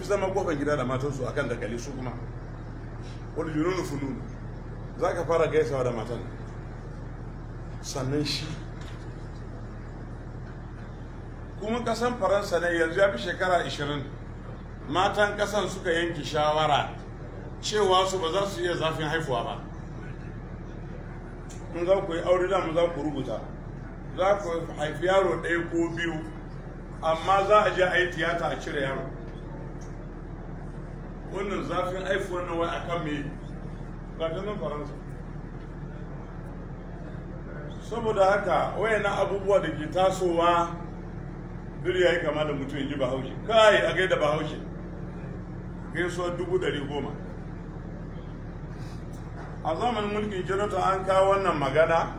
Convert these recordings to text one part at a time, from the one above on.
fi zama kofar gida da matansu akan dakali su kuma wani jununu funun za ka fara gaisawa da matan sannan shi kuma kasan faransa ne yanzu ya fi shekara 20 matan kasan suka yanke shawara cewa su ba za su iya zafin haifuwa ba in za ku yi aure da mu za ku rubuta za ku haifi yaro ɗaya ko biyu amma za a je a yi tiyata a cire yaro wannan zafin aifu wannan wai kan me zafin nan faransa saboda haka na abubuwa da ke tasowa duri ya yi kama da mutum ji bahaushe kai a gaida bahaushe gaisuwa dubu ɗari goma a zamanin mulkin jonathan an kawo wannan magana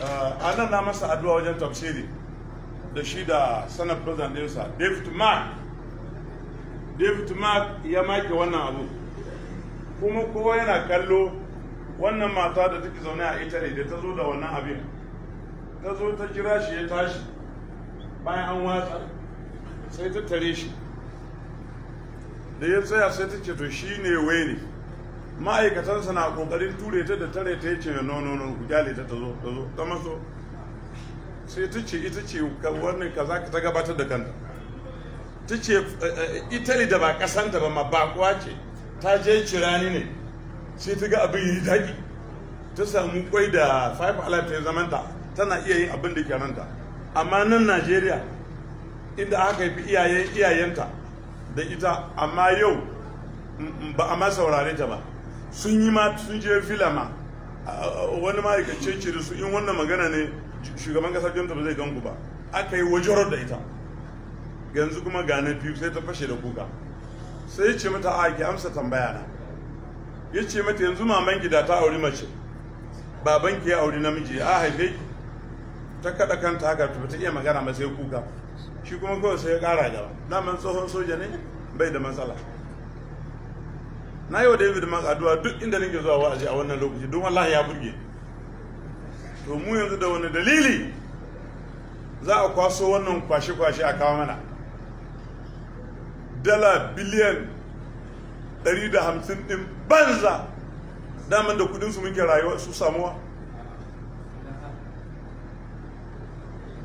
A eh, nan na masa addu'a wajen tafsiri da shi da sanar president ɗinsa david mark david mark ya make wannan abu kuma kowa yana kallo wannan mata da take zaune a italy da ta zo da wannan abin ta zo ta kira shi ya tashi bayan an watsa sai ta tare shi da ya tsaya sai ta ce to shi ne wene ma'aikatansa na kokarin ture ta da tare ta ce no no no ku gyale ta zo ta zo ta maso sai ta ce ita ce wannan kaza ta gabatar da kanta ta ce eh, eh, italy da ba kasanta ba ma bakuwa ce ta je cirani ne sai ta ga abin yi daɗi ta samu kwai da five ta zamanta tana iya yin abin da ke nan ta amma nan najeriya inda aka fi iyaye iyayenta da ita amma yau mm, mm, ba a ma saurare ta ba sun yi ma sun je fila ma wani ma'aikacin ciri su in wannan magana ne shugaban kasar jonta ba zai gangu ba aka yi wajen da ita yanzu kuma ga na biyu sai ta fashe da kuka sai ya ce mata a ki amsa tambaya na ya ce mata yanzu maman gida ta auri mace baban ki ya auri namiji a haife ki ta kada kanta haka ta ta iya magana ba sai kuka shi kuma kawai sai ya kara gaba daman tsohon soja ne bai da matsala na yi wa david mark addu'a duk inda nake zuwa wa'azi a wannan lokaci don wallahi ya burge to mu yanzu da wani dalili za a kwaso wannan kwashe-kwashe a kawo mana dala biliyan 150 din banza daman da su muke rayuwa su samuwa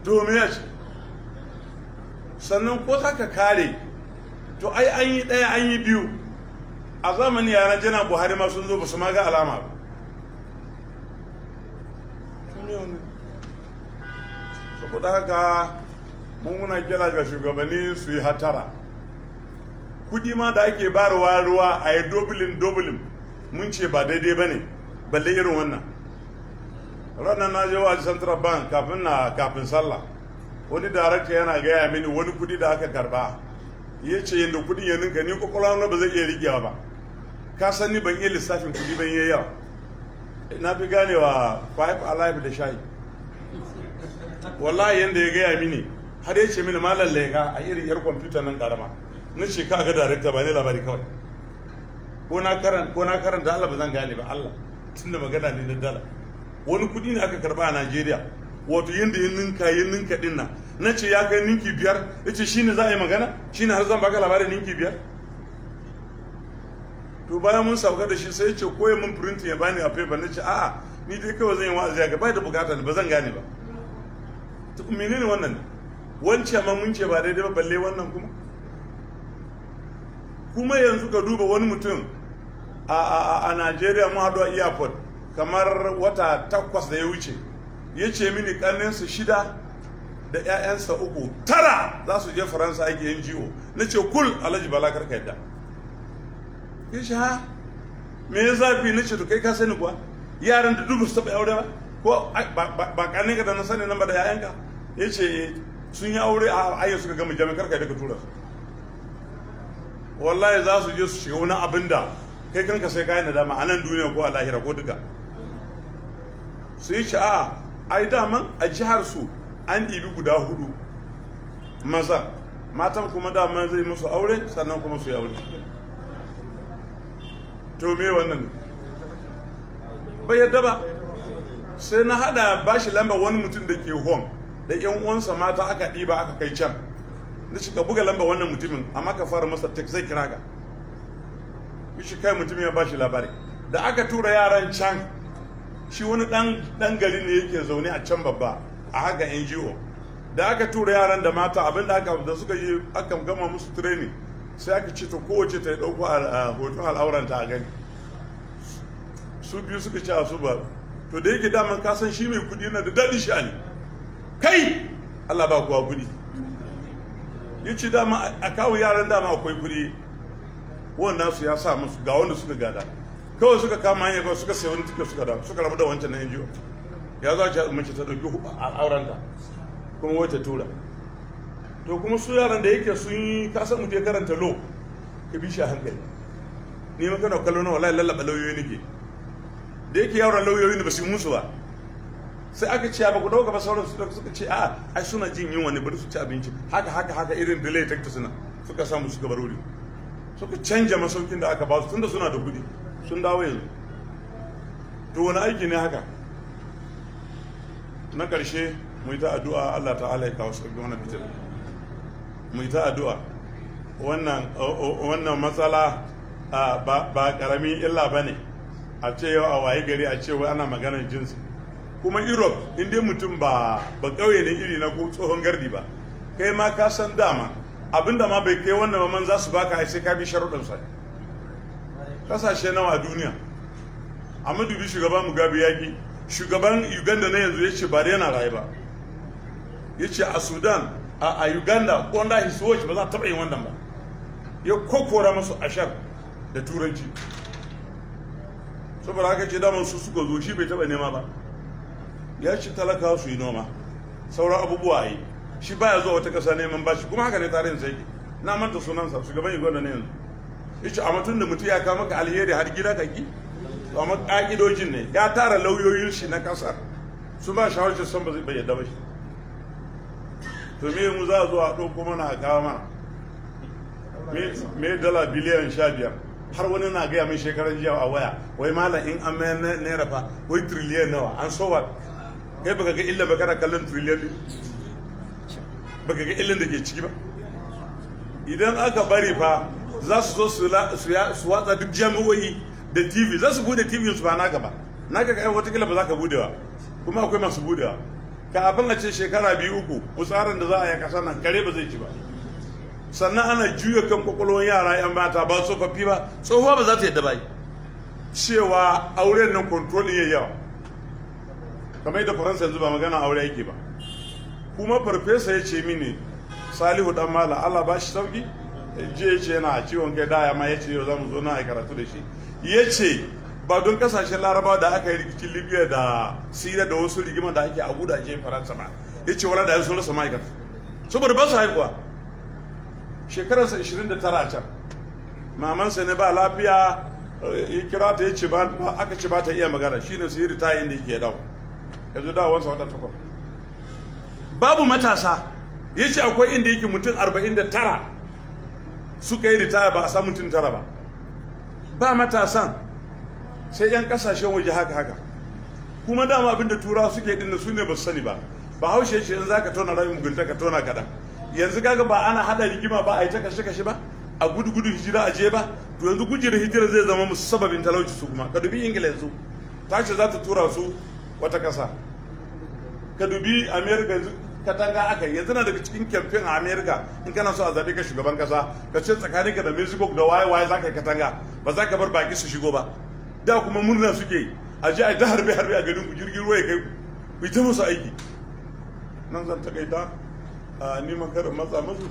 domin yace sannan ko za ka kare to ai an yi ɗaya an yi biyu a zamanin yaran jana buhari ma sun zo ba su ga alama ba saboda haka mun muna kira ga shugabanni su yi hatara kudi ma da ake barawa ruwa a yi dobilin dobilin mun ce ba daidai ba ne balle irin wannan ranar na je wa central bank kafin na kafin sallah wani darakta yana gaya mini wani kudi da aka karba ya ce yadda kudin ya ninka ni kwakwalwa ba zai iya rigewa ba ka san ni ban iya lissafin kudi ban yi yawa na fi ganewa five alive da shayi wallahi yadda ya gaya mini har ya ce mini malam lega a irin yar kwamfuta nan karama na ce ka ga darekta ba ne labari kawai ko na karanta Allah ba zan gane ba Allah tunda magana ne na dala wani kudi ne aka karba a Najeriya wato yadda yin ninka yin ninka din nan na ce ya kai ninki biyar ya ce shine za a yi magana shine har zan baka labarin ninki biyar to bayan mun sauka da shi sai ya ce koya mun print ya bani a paper na ce a'a ni dai kawai zan yi wa'azi ga bai da bukata ba zan gane ba to menene wannan ne wancan ma mun ce ba daidai ba balle wannan kuma kuma yanzu ka duba wani mutum a Najeriya mu haɗu a airport kamar wata takwas da ya wuce ya ce mini ƙannensu shida da 'ya'yansa uku tara za su je faransa ake yin jiwo na ce kul alhaji bala karka yadda ya ce ha me ya zafi na ce to kai ka sani kuwa yaran da dubu su taɓa aure ba ko ba ƙanin ka da na sani nan ba da 'ya'yanka ya ce eh, sun yi aure a ayyar suka gama jami'ar karka yadda ka tura su wallahi za su je su shiga wani abin da kai kanka sai kayan nadama a nan duniya ko a lahira ko duka su yi sha'a ai daman a jihar su an ɗibi guda hudu maza matan kuma daman zai musu aure sannan kuma su yi aure to me wannan bai yadda ba sai na hada bashi lamba wani mutum da ke home da yan uwansa mata aka ɗiba aka kai can na shi ka buga lamba wannan mutumin amma ka fara masa tek zai kira ka shi kai mutumin ya bashi labari da aka tura yaran can shi wani dan gari ne yake zaune a can babba a haka NGO da aka tura yaran da mata abinda aka da suka yi aka gama musu training sai aka ce to kowace ta yi dauko hoton al'auranta a gani su biyu suka ce a su ba to da yake daman kasan shi mai kudi na da dadi shi ne kai Allah ba kuwa kudi ya ce dama a kawo yaran dama akwai kuri wanda su ya sa musu ga wanda suka gada kawai suka kama hanyar kawai suka sayi wani tiket suka da suka rabu da wancan na NGO ya za ta mace ta ɗauki auren ta kuma wai ta tura to kuma su yaran da yake sun yi kasan mu je karanta lo ka bi shi a hankali ni ma kana kallo na wallahi lallaba lauyoyi nake da yake yaran lauyoyi ne ba su yi musu ba sai aka ce ba ku dauka ba sauran su suka ce a ai suna jin yunwa ne bari su ci abinci haka haka haka irin delay takta suna suka samu su bar wuri suka canja masaukin da aka ba su tunda suna da kudi sun dawo yanzu to wani aiki ne haka na karshe mu yi ta addu'a Allah ta'ala ya kawo sauki wannan fitil mu yi ta addu'a wannan wannan matsala ba karami illa bane a ce yau a waye gari a ce wai ana maganar jinsi kuma europe in dai mutum ba ba ne iri na tsohon gardi ba kai ma ka san dama abinda ma bai kai wannan man za su baka sai ka bi sharuɗansa kasashe nawa a duniya amma dubi shugaban gabi yaƙi shugaban uganda na yanzu ya ce ba yana raye ba ya ce a sudan a uganda under his watch ba za a taɓa yin wannan ba ya kokora masu ashar da turanci saboda haka ce daman su suka zo shi bai taɓa nema ba ya shi talaka su yi noma sauran abubuwa yi shi ba ya zuwa wata ƙasa neman bashi kuma haka ne tarihin sai na manta sunansa su gaban yi da ne yanzu ishi a mutum da mutum ya kama ka alheri har gida ka gi to amma ƙa'idojin ne ya tara lauyoyin shi na ƙasar su ba shi harshe san ba zai bayyana ba shi to me mu za a zo a ɗauko mana a kawo mana me dala biliyan sha biyar har wani na gaya min shekaran jiya a waya wai malam in an mayar naira fa wai triliyan nawa an so kai baka ga illa ba kana kallon trillion din baka ga illan da ke ciki ba idan aka bari fa za su zo su watsa duk jami'o'i da tv za su bude tv su ba gaba na ga kai watakila ba za ka budewa kuma akwai masu budewa abin a ce shekara biyu uku kusarin da za a yi kasa nan kare ba zai ci ba sannan ana juya kan kwakwalwar yara yan mata ba tsofaffi ba tsohuwa ba za ta yi dabai cewa auren nan kontrol ya yawa kamar yadda faransa yanzu ba magana aure yake ba kuma farfesa ya ce mini salihu dan mala allah ba shi sauki je ce yana ciwon kai daya ma ya ce yau za mu zo na a karatu da shi ya ce ba don kasashen laraba da aka yi rikicin libya da siriya da wasu rigima da ake a gudaje faransa ba ya ce wala da yanzu rasa ma'aikata saboda ba su haihuwa shekararsa 29 a can mamansa ne ba lafiya ya kira ta ya ce ba aka ce ba ta iya magana shine su yi ritayin da yake dawo yanzu dawansa wata takwas babu matasa ya ce akwai inda yake mutum 49 suka yi ritaya ba a samun mutum tara ba ba matasan sai 'yan kasashen waje haka haka kuma dama abinda tura suke din su ne ba su sani ba ba haushe shi in za ka tona ramin mugunta ka tona kaɗan yanzu kaga ba ana hada rigima ba a yi ta kashe ba a gudu hijira a je ba to yanzu gujira hijira zai zama musu sababin talauci su kuma ka dubi ingila yanzu ta ce za ta tura su wata ƙasa ka dubi america yanzu katanga aka yanzu na daga cikin kyamfen a america in kana so a zaɓe ka shugaban ƙasa ka ce tsakanin ka da mexico da waye waye za ka yi katanga ba za ka bar baki su shigo ba da kuma murna suke a je a yi ta harbe harbe a garin ku jirgin ruwa ya kai ku yi ta musu aiki nan zan ta ta, a neman karin matsa musu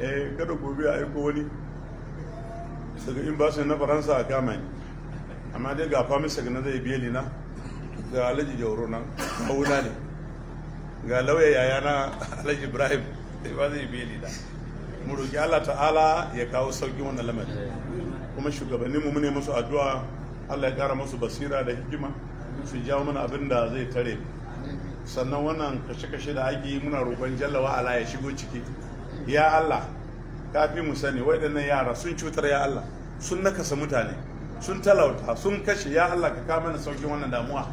eh kada gobe a aiko wani daga in ba na faransa a kama ni amma dai ga ga na zai biye ni na ga alhaji jauro nan mauna ne ga lauya yaya na alhaji ibrahim ba zai beli da mu roki allah ta'ala ya kawo sauƙin wannan lamarin kuma shugabanni mu ne musu addu'a allah ya kara musu basira da hikima su jawo mana abin da zai tare sannan wannan kashe-kashe da ake yi muna roƙon jallawa ala ya shigo ciki ya allah kafi mu sani waɗannan yara sun cutar ya allah sun nakasa mutane sun talauta sun kashe ya allah ka kama mana sauƙin wannan damuwa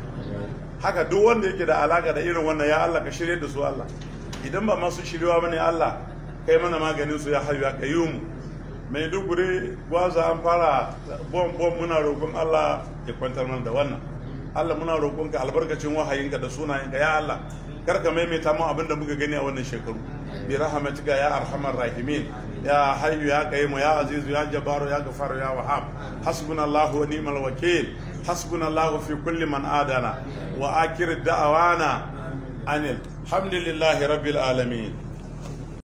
haka duk wanda yake da alaka da irin wannan ya Allah ka shirye da su Allah idan ba masu shiryawa bane Allah kai mana maganin su ya ka yi mu mai dugure gwaza an fara bom bom muna roƙon Allah ya kwantar mana da wannan Allah muna ka albarkacin wahayinka da sunayenka ya Allah karka maimaita mu abinda muka gani a wannan shekaru bi rahmatika ya arhamar rahimin ya hayyu ya qayyimu ya azizu ya jabaru ya ghafaru ya wahhab hasbunallahu wa ni'mal wakeel hasbunallahu fi kulli man adana wa akir da'awana anel alhamdulillahi rabbil alamin